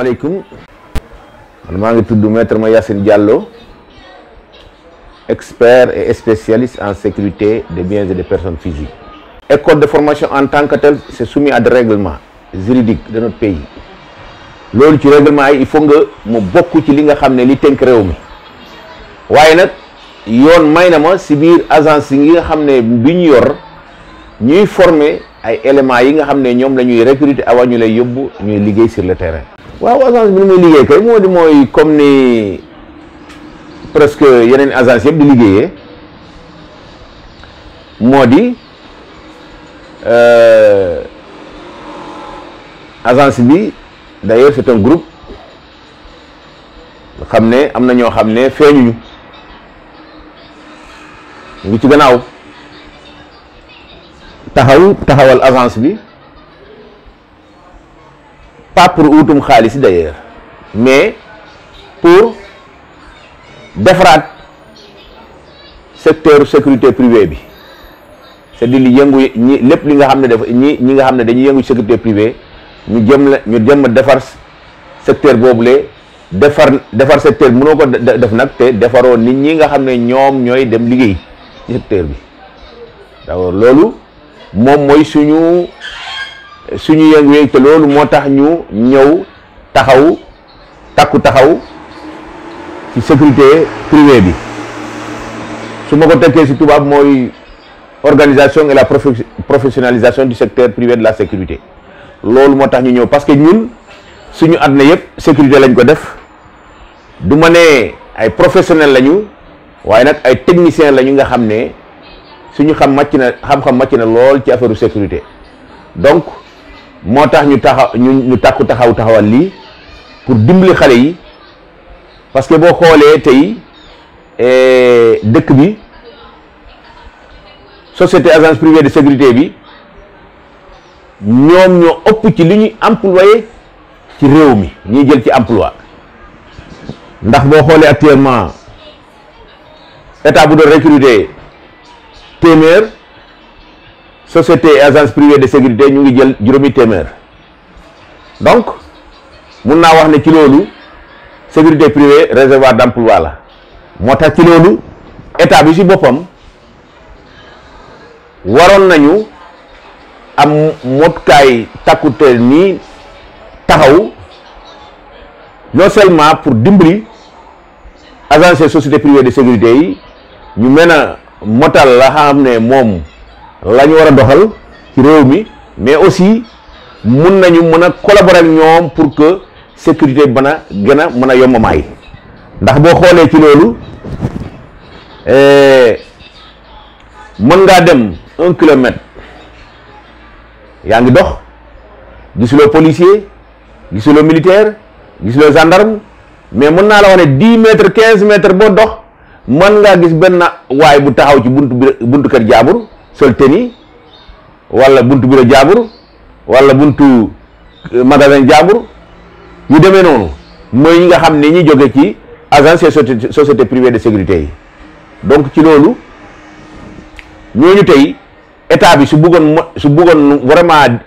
alaykum man maa ngi tudd maître yassine Diallo expert et spécialiste en sécurité des biens et des personnes physiques. École de formation en tant que tel c'est soumis à des règlements juridiques de notre pays loolu ci règlement il faut nga mu bokk ci li nga xamné ne li tënk réew mi waaye nag yoon may ma si biir agence yi nga xamné ne yor ñuy former ay éléments yi nga xamné ñom lañuy recruter awa ñu lay yobbu ñuy liggéey sur le terrain waaw agence bi ni muy liggéey kay moo di mooy comme ni presque yeneen agence yëpp di liggéeyee moo di euh, agence bi d'ailleurs c'est un groupe xam ne am na ñoo xam ne feeñuñu ngi ci gannaaw taxaw taxawal agence bi pas pour utum xaalis d'ailleurs mais pour defaraat secteur sécurité privée bi se à dire li yëngu ñi lépp li nga xam ne dafa ñi ñi nga xam ne dañuy yëngu sécurité privée ñu jëm la ñu jëm defar secteur boobule defar defar secteur mënoo ko def nag te defaroon nit ñi nga xam ne ñoom ñooy dem liggéey ci secteur bi loolu moom mooy suñu suñu yëngu-yëng te loolu moo tax ñu ñëw taxaw takku taxaw ci sécurité privée bi su ma ko tekkee ci tubaab mooy organisation et la professionnalisation du secteur privé de la sécurité loolu moo tax ñu ñëw parce que ñun suñu àdduna yëpp sécurité lañ ko def du ma ne ay professionnel lañu waaye nag ay technicien lañu nga xam ne suñu xam màcc na xam-xam màcc na lool ci affaire sécurité donc moo tax ñu taxaw ñu ñu takku taxaw taxawal lii pour dimbali xale yi parce que boo xoolee tey eh, dëkk bi société agence privée de sécurité bi ñoom ñoo ëpp ci li ñuy employé ci réew mi ñuy jël ci emploi ndax boo xoolee actuellement état bu doon recruter téeméer société agence privée de sécurité ñu ngi jël juróomi téeméer donc mun naa wax ne ci loolu sécurité privée réservoir d'emploi la moo tax ci loolu état bi ci boppam waroon nañu am motkaay takkute nii taxaw non seulement pour dimbali agence société privée de sécurité yi ñu mën a motal la xam ne moom lañu wara doxal ci réew mi mais aussi mën nañu mën a collaborer ak ñoom pour que sécurité bana gëna a mën a yombamaay ndax boo xoolee ci loolu eh, mën ngaa dem un kilomètre yaa ngi dox gisuloo policier gisuloo militaire gisuloo gendarme mais mën naa la wane 10 mètres 15 mètres boo dox mën nga gis benn waay bu taxaw ci buntu buntu kër jaabur sol tenue wala buntu bureau jaabur wala buntu euh, magasin jaabur yu demee noonu mooy ñi nga xam ne ñi jóge ci agence société société privée de sécurité yi donc ci loolu ñooñu tey état bi su bëggoon mo su bëggoon vraiment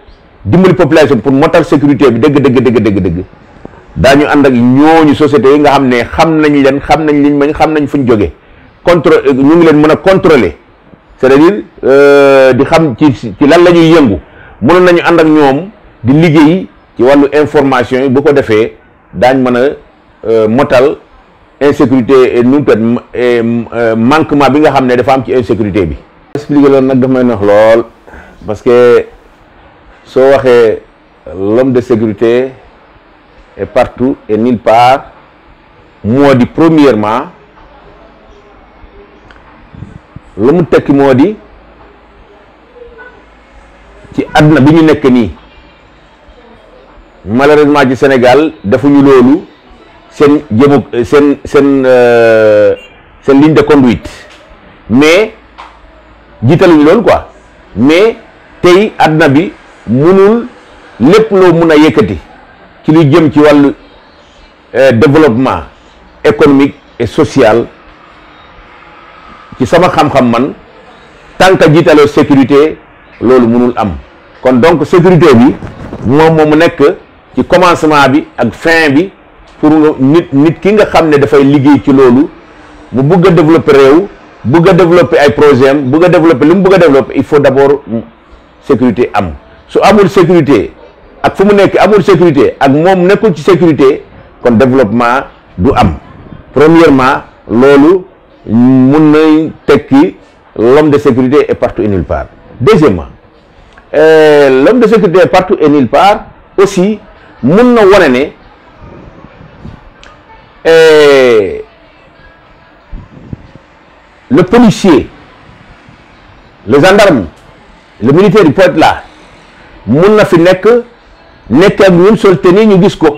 dimbali population pour motal sécurité bi dëgg dëgg dëgg dëgg dëgg ñu ànd ak ñooñu société yi nga xam ne xam nañ leen xam nañ liñ mañ xam nañ fu fuñ jóge contrôle ñu ngi leen mën a contrôler c'est-à-dire euh, di xam ci ci lan la ñuy yëngu mënoon nañu ànd ak ñoom di liggéey ci wàllu information yi bu ko defee daañ mën a euh, motal insécurité et nu euh, manquement bi nga xam ne dafa am ci insécurité bi. expliqué loolu nag dafa may neex lool parce que soo waxee l'homme de sécurité est partout et nulle part moo di premièrement. la mu tekki moo di ci àdduna bi ñu nekk nii malheureusement ci Sénégal defuñu loolu seen jëmu seen seen euh, seen ligne de conduite mais jiitaluñu loolu quoi mais tey àdduna bi munul lépp loo mun a yëkkati ci lu jëm ci wàllu euh, développement économique et social ci sama xam-xam man tant que jiitaloo sécurité loolu munul am kon donc sécurité bi moom moo mu nekk ci commencement bi ak fin bi pour nit nit ki nga xam ne dafay liggéey ci loolu mu bëgg a développer réew bëgg a développer ay projet am bëgg a développer li mu bugg a développer il faut d'abord sécurité am su amul sécurité ak fu mu nekk amul sécurité ak moom nekkul ci sécurité kon développement du am premièrement loolu l'homme de sécurité est partout et nulle part deuxièmement euh, l'homme de sécurité est partout et nulle part aussi euh, le policier le gendarme le militaire du peut être là mun na fi que nekk ak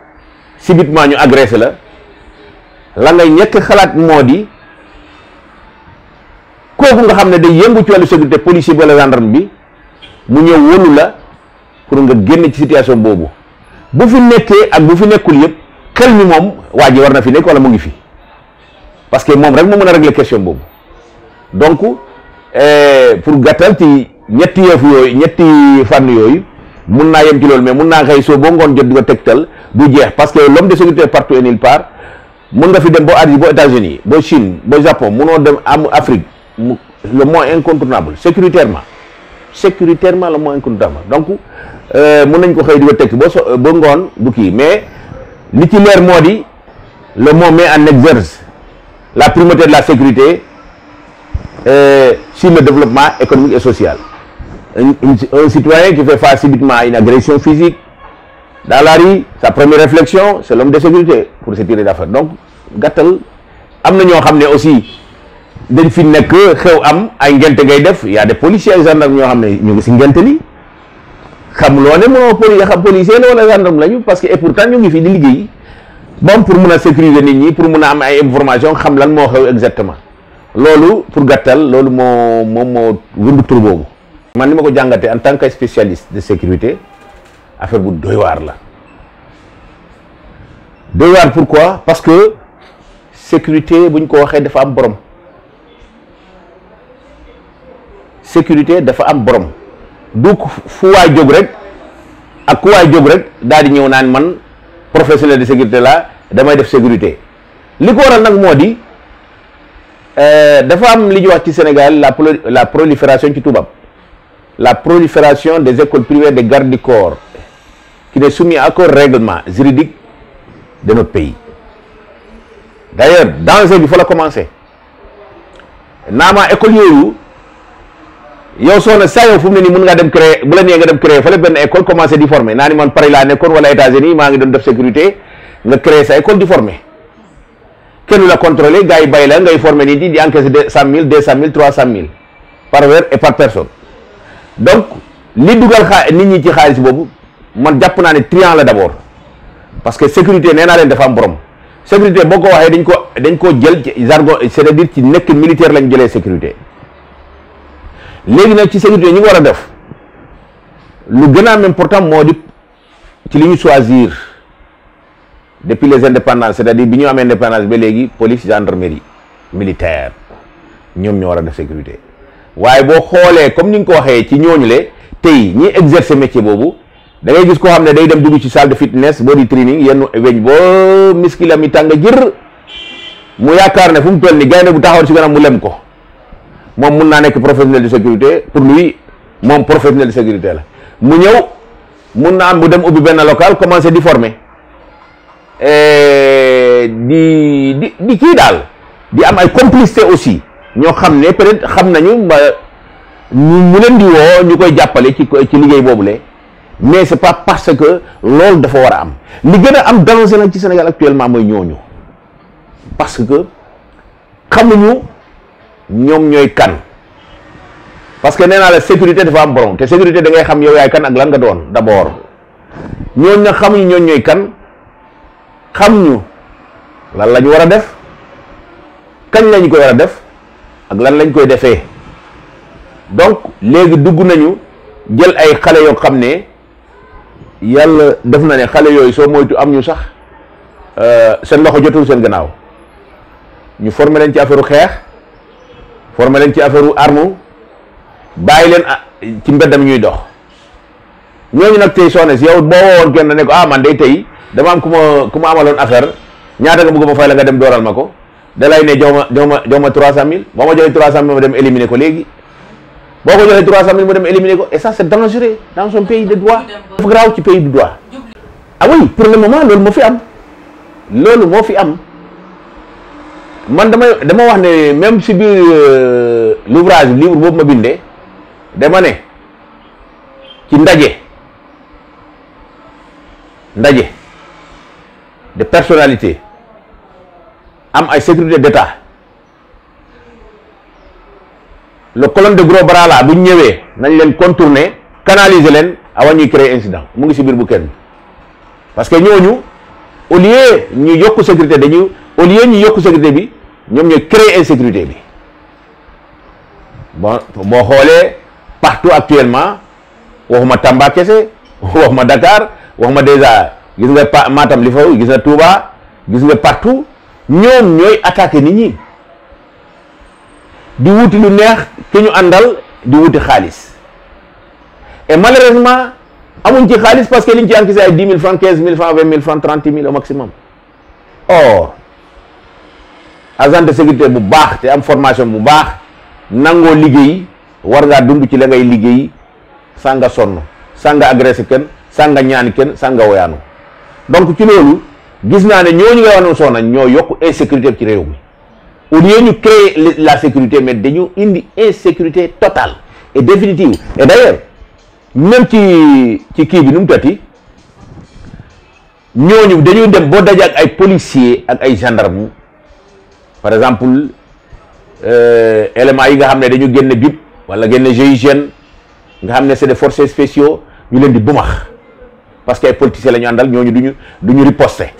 subitement ñu agressé la la ngay ñekk xalaat moo di kooku nga xam ne day yëngu ci wàllu sécurité policier bi wala gendarme bi mu ñëw wonu la pour nga génn ci situation boobu bu fi nekkee ak bu fi nekkul yëpp xel mi moom waa ji war na fi nekk wala mu ngi fi parce que moom rek moo mën a régler question boobu donc eh, pour gàttal ci ñetti yëf yooyu ñetti fànn yooyu Je yem mais parce que l'homme de sécurité partout et nulle part mun fi dem États-Unis Chine bo Japon munoo dem Afrique le moins incontournable sécuritairement sécuritairement le moins incontournable donc mun ko di mais le mot met en exergue la primauté de la sécurité euh, sur le développement économique et social un, un eh, citoyen qui fait face subitement à une agression physique dans la rue, sa première réflexion, c'est l'homme de sécurité pour se tirer d'affaire. Donc, gâtel, am na ñoo xam aussi dañ fi nekk xew am ay ngente ngay def y a des policiers ay gendarme ñoo xam ne ñu ngi si ngente li xamuloo ne mënoo poli xam policier la wala gendarme lañu parce que et pourtant ñu ngi fi di liggéey moom pour mun a sécuriser nit ñi pour mun a am ay information xam lan moo xew exactement loolu pour gàttal loolu moo moom moo wënd tur boobu man li ma ko jàngatee en tant que spécialiste de sécurité affaire bu doy waar la doy waar pourquoi parce que sécurité bu buñ ko waxee dafa am borom sécurité dafa am borom du fu waay jóg rek ak ku waay jóg rek daal di ñëw naan man professionnel de sécurité la damay def sécurité li ko waral nag moo di euh, dafa am li ñuy wax ci Sénégal la la prolifération ci tubaab. la prolifération des écoles privées de garde du corps, qui n'est soumise à aucun règlement juridique de notre pays. D'ailleurs, dans il faut la commencer. Nama école yoyu yow soo ne saa yow fu mu dem créer école commencer former naa ni unis sécurité créer sa école de former Qui du la contrôler il y bàyyi la ngay former Il ñi di encaisser deux cent 000, deux 000, par heure et par personne. donc li dugal xaa nit ñi ci xaalis boobu man jàpp naa ne trian la d' abord parce que sécurité nee naa leen dafa am borom sécurité boo ko waxee dañ ko dañ koo jël ci jargon c' est à dire ci nekk militaire lañ jëlee sécurité léegi nag ci sécurité ñu ngi war a def lu gën a am important moo di ci li ñu choisir depuis les indépendances c' est à dire bi ñu amee indépendance ba léegi police gendarmerie militaire ñoom ñoo war a def sécurité waaye boo xoolee comme ni nga ko waxee ci ñooñu le tey ñi exercer métier boobu da ngay gis koo xam ne day dem dugg ci salle de fitness body training yenn weñ boo miskilam yi tàng jër mu yaakaar ne fu mu toll ni gaynde bu taxaw ci kanam mu lem ko moom mun naa nekk professionnel de sécurité pour lui moom professionnel de sécurité la mu ñëw mun naa am bu dem ubbi benn local commencé di former eh, di di di kii daal di am ay complicité aussi ño xamné ne peut être xam ba ñu mu leen di wo ñukoy jappalé jàppale ci ci liggéey lé mais c'est pas parce que lool dafa wara am li gëna am danger nak ci Sénégal actuellement moy ñoñu parce que xamuñu ñom ñoy kan parce que néna la sécurité dafa am borom té sécurité da ngay xam yow yaay kan ak lan nga doon d'abord ñoñ na xam xamuñu ñooñu kan xamuñu lan lañu wara def kañ la ko wara def. ak lan lañ koy defee donc léegi dugg nañu jël ay xale yoo xam ne yàlla def na ne xale yooyu soo moytu am ñu sax euh, seen loxo jotul seen gannaaw ñu former leen ci affaire xeex former leen ci affaire armu bàyyi leen ah, ci mbeddam ñuy dox ñooñu nag tey soo ne si yow boo woowoon kenn ne ko ah man day tey dama am ku ma ku ma amaloon affaire ñaata nga bëgg ma fay la nga dem dooral ma ko. da lay ne jox ma jox trois cent mille boo ma joxee trois cent mille ma dem éliminer ko léegi boo ko joxee trois cent mille mu dem éliminer ko et ça c'est dangereux dans son pays de droit dafa garaaw ci pays de droit ah oui pour loolu moo fi am loolu moo fi am man damay dama wax ne même si biir euh, l'ouvrage livre boobu ma bindee dama ne ci ndaje ndaje de personnalité am ay sécurité d'État le colonne de gros bras bu ñu ñëwee nañ leen contourner canaliser leen avant ñuy créer incident mu ngi si biir bu kenn parce que ñooñu au lieu ñu yokku sécurité dañu au lieu ñu yokku sécurité bi ñoom ñooy créer insécurité bi bon boo xoolee partout actuellement waxuma Tamba kese waxuma Dakar waxuma déjà gis nga Matam li fa gis nga Touba gis nga partout ñoom ñooy attaqué ni ñi di wuti lu neex ki ñu àndal di wuti xaalis et malheureusement amuñ ci xaalis parce que liñ ci encaissé ay dix mille francs quinze mille francs vingt mille francs trente mille au maximum or agent de sécurité bu baax te am formation bu baax nangoo liggéey war ngaa dund ci la ngay liggéey sanga sonn sanga agressé kenn sanga ñaani kenn sanga woyaanu donc ci gis naa ne ñooñu nga wax ne soxna ñoo yokk insécurité ci réew mi au lieu ñu créer la sécurité mais dañu indi insécurité totale et définitive et d'ailleurs même ci ci kii bi nu mu tati ñooñu dañu dem boo dajee ak ay policiers ak ay gendarmes par exemple euh, éléments yi nga xam ne dañu génn BIP wala génn GIGN nga xam ne c'est des forces spéciaux ñu leen di bumax parce que ay politiciens la ñu àndal ñooñu duñu duñu riposter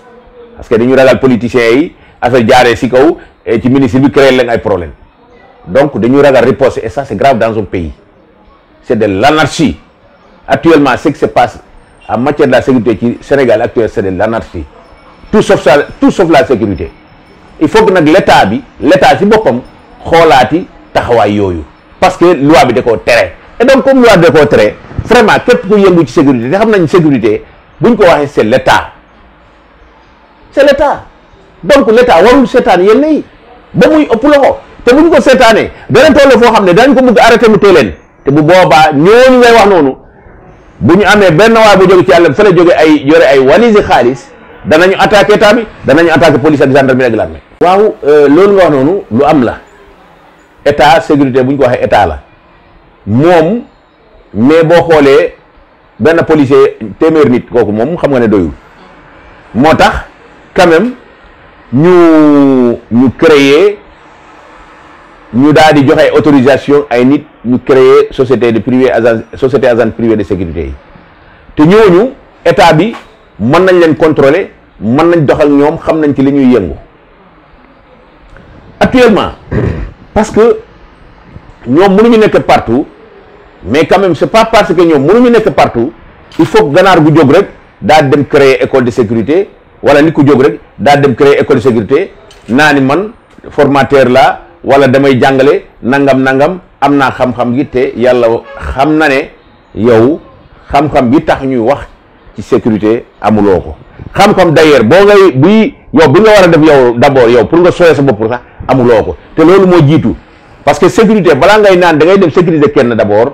parce que dañu ragal politiciens yi affaire jaaree si kaw ci ministre bi créé leen ay problème donc dañu ragal riposte et ça c'est grave dans un pays c'est de l'anarchie actuellement ce qui se passe en matière la sécurité ci Sénégal actuel c'est de l'anarchie tout sauf ça tout sauf la sécurité il faut que nag l'état bi l'état si boppam xoolaati taxawaay yooyu parce que loi bi da koo tere et donc comme loi bi koo tere vraiment képp ku yëngu ci sécurité te xam nañ sécurité buñ ko waxee c'est l'état c'est l'état donc l'état warul seetaan yenn yi ba muy ëpp loxo te bu ñu ko seetaanee dana toll foo xam ne danañ ko bëgg arrêté mu tooleen te bu boobaa ñooñu ngay wax noonu bu ñu amee benn waay bu jóge ci yàlla fële jóge ay yore ay walisi xaalis danañu attaqué état bi danañu attaqué police ak gendarmerie ak l'armée waaw euh, loolu nga wax noonu lu am la état sécurité bu ñu ko waxee état la moom mais boo xoolee benn policier téeméer nit kooku moom xam nga ne doyul tax quand même nous ñu créer ñu daal une autorisation ay nit ñu créer société de privé agence société agence privée de sécurité té te ñu état bi mën nañ leen contrôler mën nañ doxal ñom xam nañ ci li ñuy yëngu actuellement parce que ñoom mënuñu nekk partout mais quand même c'est pas parce que ñoom mënuñu nekk partout il faut ganar bu jog rek daal dem créer école de sécurité wala nit ku jóg rek daal dem créer école de sécurité naa ni man formateur la wala damay jàngale nangam nangam am naa xam-xam gi te yàlla xam na ne yow xam-xam bi tax ñuy wax ci sécurité amuloo ko xam-xam d'ailleurs boo ngay buy yow bi nga war a def yow d'abord yow pour nga sooyee sa bopp sax amuloo ko te loolu moo jiitu parce que sécurité balaa ngay naan da ngay dem sécurité kenn d'abord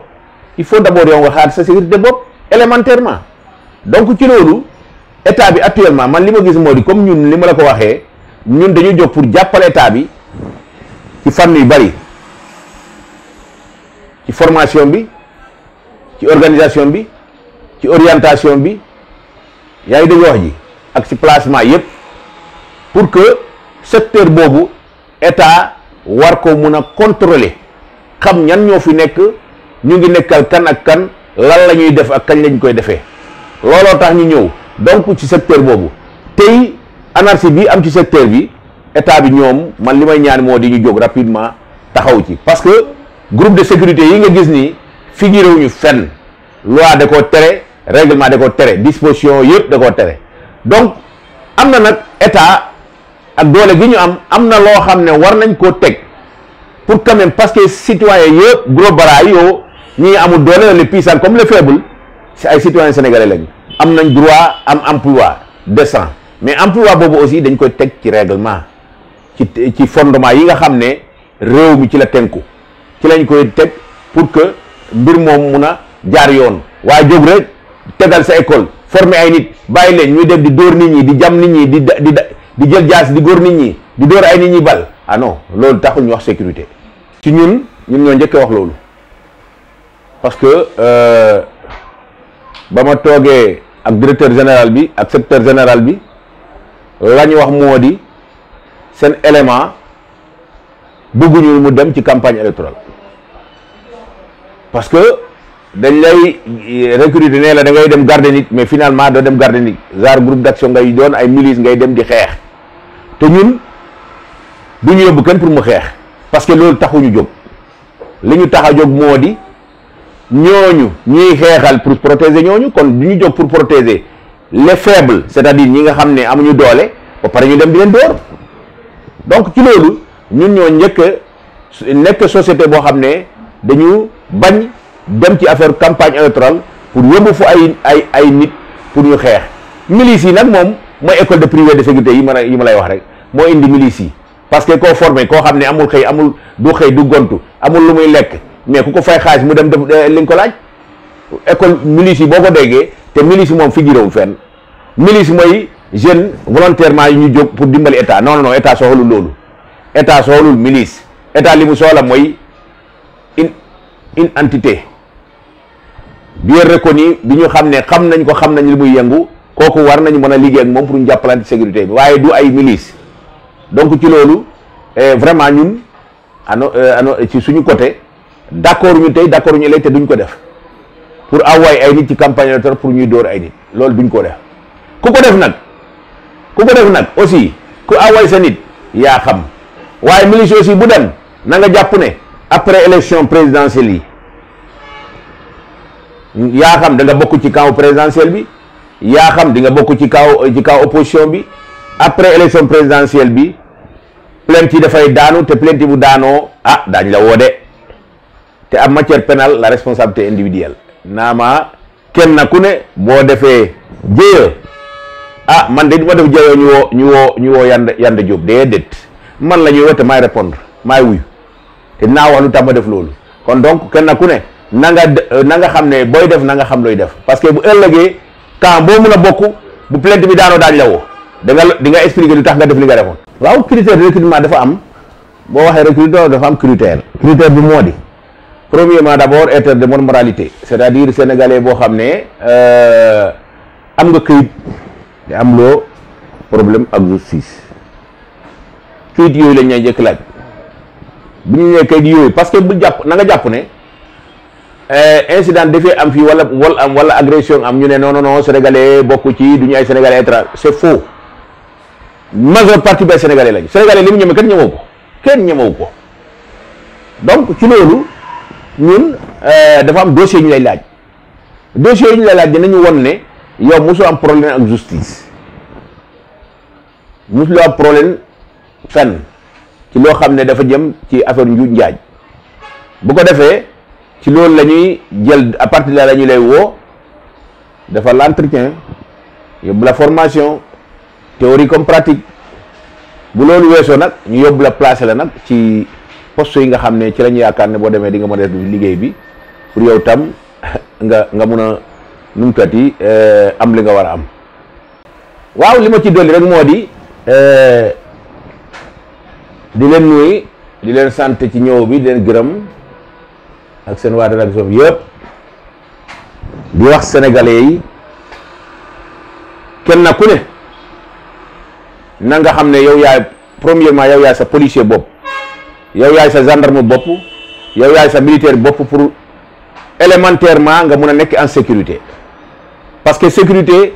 il faut d'abord yow nga xaar sa sécurité bopp élémentairement donc ci état bi actuellement man lima gis modi comme ñun lima la ko waxé ñun dañu jox pour jàppale état bi ci fànn yu bari ci formation bi ci organisation bi ci orientation bi yaay de wax ji ak ci placement yépp pour que secteur bobu état war ko mëna contrôler xam ñan ñoo fi nekk ñu ngi nekkal kan ak kan lan lañuy def ak kañ lañ koy defee lolo tax ñu ñëw donc ci secteur boobu tey anarchie bi am ci secteur bi état bi ñoom man li may ñaan moo di ñu jóg rapidement taxaw ci parce que groupe de sécurité yi nga gis nii figuré wuñu fenn loi da koo tere règlement da koo tere disposition yëpp da koo tere donc am na nag état ak doole gi ñu am am na loo xam ne war nañ koo teg pour quand même parce que citoyens yëpp gros bras yoo ñii amul doole les puissants comme le faibles si ay citoyens sénégalais lañu am nañ droit am emploi décent mais emploi boobu aussi dañ koy teg ci règlement ci ci fondement yi nga xam ne réew mi ci la tenku ci lañ koy teg pour que mbir moom mun a jaar yoon waaye jóg rek tegal sa école former ay nit bàyyi leen ñuy def di dóor nit ñi di jam nit ñi di di di jël jaas di góor nit ñi di dóor ay nit ñi bal ah non loolu taxul ñu wax sécurité ci ñun ñun ñoo njëkkee wax loolu parce que euh, ba ma toogee ak directeur général bi ak secteur général bi lañ wax modi di seen élément bëgguñu mu dem ci campagne électorale parce que dañ lay eh, recruter né la da ngay dem garder nit mais finalement do dem garder nit genre groupe d'action ngay doon ay milice ngay dem di xex té ñun du ñu yóbbu kenn pour mu xex parce que lool taxu ñu tax liñu taxa moo modi ñooñu ñuy xeexal pour protéger ñooñu kon du ñu jóg pour protéger les faibles c'est-à-dire ñi nga xam ne amuñu doole ba pare ñu dem di leen door donc ci loolu ñun ñoo njëkk nekk société boo xam ne dañu bañ dem ci affaire campagne électorale pour yóbbu fu ay ay ay nit pour ñu xeex milice yi nag moom mooy école de privé de sécurité yi ma yi ma lay wax rek moo indi milice yi parce que koo formé koo xam ne amul xëy amul du xëy du gontu amul lu muy lekk mais ku ko fay xaalis mu dem def eh, li nga ko laaj école milice yi boo ko déggee te milice moom figuré wul fenn milice mooy jeune volontairement yi ñu jóg pour dimbali état non non état soxalul loolu état soxalul milice état li mu soxla mooy une une entité bien reconnue bi ñu xam ne xam nañ ko xam nañ li muy yëngu kooku war nañu mën a liggéey moom pour ñu jàppalante sécurité bi waaye du ay milice donc ci loolu eh, vraiment ñun ano eh, ano ci suñu côté. d'accord ñu tay d'accord ñu lay té duñ ko def pour envoyer ay nit ci campagne électorale pour ñuy door ay nit lool duñ ko def ku ko def nak ku ko def nak aussi ku envoyer sa nit ya xam waye milice aussi bu dem na nga japp né après élection présidentielle yi ya xam da nga bokku ci camp présidentiel bi ya xam di nga bokku ci camp ci camp opposition bi après élection présidentielle bi plainte yi fay daanu te plainte bu daano ah dañ la woo de en matière pénale la responsabilité individuelle naama kenn ku ne boo defé jeyo ah man de du ma def jeyo ñu wo ñu wo ñu wo yand yand Diop déedéet man la ñuy may répondre may wuy té na wax lu tam def lolu kon donc kenn ku ne na nga na nga xamné boy def na nga xam loy def parce que bu ëllëgee quand bo mëna bokku bu plainte bi daano daal la da nga di nga expliquer lu tax nga def li nga répondre waaw critère de recrutement dafa am bo waxee recrutement dafa am critère critère bi modi premièrement d' abord être de bonne moralité c' est à dire sénégalais boo xam ne euh, am nga këyit te am loo problème ak justice këyit yooyu lañ ñay jëkk laaj bu ñu nee këyit yooyu parce que bu jàpp na nga jàpp ne euh, incident dafee am fii wala wol am wala agression am ñu ne non non non sénégalais bokk ci du ñu ay sénégalais étranger c' est faux majeure partie bay sénégalais lañu sénégalais li mu ñeme kenn ñemewu ko kenn ñemewu ko donc ci loolu. ñun euh, dafa am dossier ñu lay laaj dossier ñu lay laaj dinañu won né yow musu am problème ak justice musu am problème fenn ci lo xamné dafa jëm ci affaire ñu njaaj bu ko défé ci lool lañuy jël à partir de la ñu lay wo dafa l'entretien yob la formation théorie comme pratique bu loolu weesoo nak ñu yob la placer la nak ci poste yi nga xam ne ci lañu yaakaar ne boo demee di nga mën a def liggéey bi pour yow tam nga nga mun a numkat yi eh, am li nga war a am waaw li ma ci dolli rek moo di eh, di leen nuyu di leen sant ci ñëw bi di leen gërëm ak seen waa rédaction bi yëpp di wax sénégalais yi kenn na ku ne na nga xam ne yow yaay premièrement yow yaay sa policier bopp yow yaay sa gendarme bopp yow yaay sa militaire bopp pour élémentairement nga mun a nekk en sécurité parce que sécurité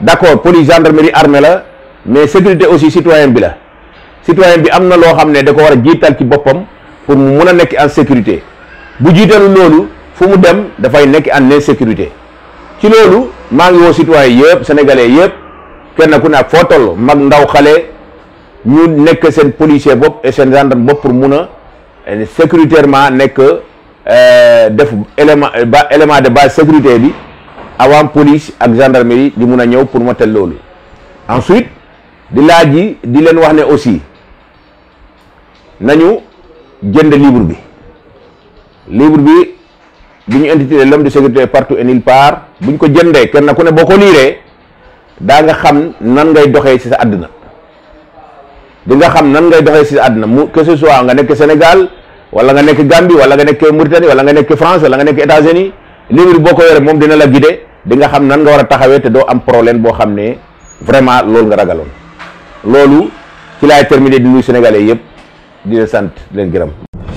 d'accord police gendarmerie armée la mais sécurité aussi citoyen bi la citoyen bi am na loo xam ne da ko war a jiital ci boppam pour mu mun a nekk en sécurité bu jiitalu loolu fu mu dem dafay nekk en sécurité ci loolu maa ngi woo citoyen yëpp sénégalais yëpp kenn ku ne ak foo toll mag ndaw xale ñu nekk seen policier bopp et seen gendarme bopp pour mun a euh, sécuritairement nekk euh, def élément euh, ba élément de base sécurité bi avant police ak gendarmerie di mun a ñëw pour motal loolu ensuite di laaj yi di leen wax ne aussi nañu jënd livre bi livre bi bi ñu intitulé l'homme de sécurité partout et nulle part buñ ko jëndee kenn ku ne boo ko liiree daa nga xam nan ngay doxee ci sa àddina di nga xam nan ngay doxee si àdduna mu que ce soit nga nekk Sénégal wala nga nekk Gambie wala nga nekk Mauritanie wala nga nekk France wala nga nekk États-Unis livre boo ko yore moom dina la guider di nga xam nan nga war a taxawee te doo am problème boo xam ne vraiment lool nga ragaloon loolu ci laay terminer di nuyu sénégalais yëpp di leen sant leen gërëm.